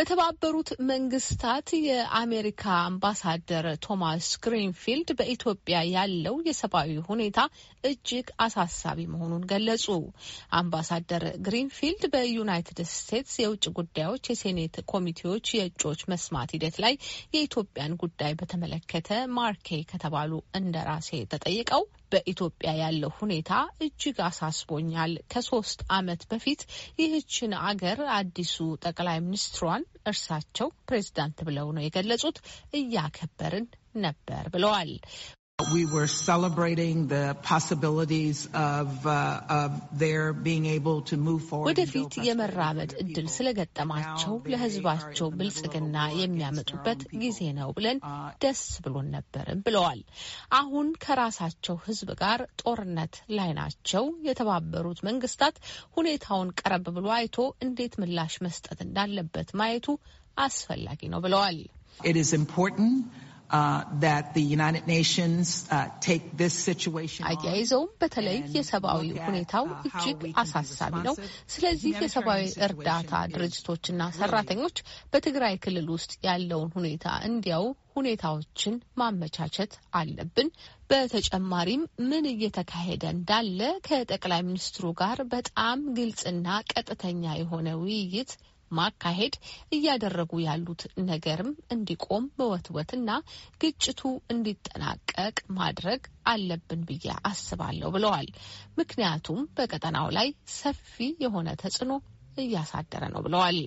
በተባበሩት መንግስታት የአሜሪካ አምባሳደር ቶማስ ግሪንፊልድ በኢትዮጵያ ያለው የሰብአዊ ሁኔታ እጅግ አሳሳቢ መሆኑን ገለጹ። አምባሳደር ግሪንፊልድ በዩናይትድ ስቴትስ የውጭ ጉዳዮች የሴኔት ኮሚቴዎች የእጩዎች መስማት ሂደት ላይ የኢትዮጵያን ጉዳይ በተመለከተ ማርኬ ከተባሉ እንደራሴ ተጠይቀው በኢትዮጵያ ያለው ሁኔታ እጅግ አሳስቦኛል። ከሶስት ዓመት በፊት ይህችን አገር አዲሱ ጠቅላይ ሚኒስትሯን እርሳቸው ፕሬዚዳንት ብለው ነው የገለጹት እያከበርን ነበር ብለዋል። we were celebrating the possibilities of, uh, of their being able to move forward. ወደፊት የመራመድ እድል ስለገጠማቸው ለህዝባቸው ብልጽግና የሚያመጡበት ጊዜ ነው ብለን uh, ደስ ብሎን ነበር ብለዋል። አሁን ከራሳቸው ህዝብ ጋር ጦርነት ላይ ናቸው። የተባበሩት መንግስታት ሁኔታውን ቀረብ ብሎ አይቶ እንዴት ምላሽ መስጠት እንዳለበት ማየቱ አስፈላጊ ነው ብለዋል። Uh, uh, አያይዘውም በተለይ የሰብአዊ ሁኔታው uh, እጅግ አሳሳቢ ነው። ስለዚህ የሰብአዊ እርዳታ ድርጅቶችና ሰራተኞች በትግራይ ክልል ውስጥ ያለውን ሁኔታ እንዲያው ሁኔታዎችን ማመቻቸት አለብን። በተጨማሪም ምን እየተካሄደ እንዳለ ከጠቅላይ ሚኒስትሩ ጋር በጣም ግልጽና ቀጥተኛ የሆነ ውይይት ማካሄድ እያደረጉ ያሉት ነገርም እንዲቆም መወትወትና ግጭቱ እንዲጠናቀቅ ማድረግ አለብን ብዬ አስባለሁ ብለዋል። ምክንያቱም በቀጠናው ላይ ሰፊ የሆነ ተጽዕኖ እያሳደረ ነው ብለዋል።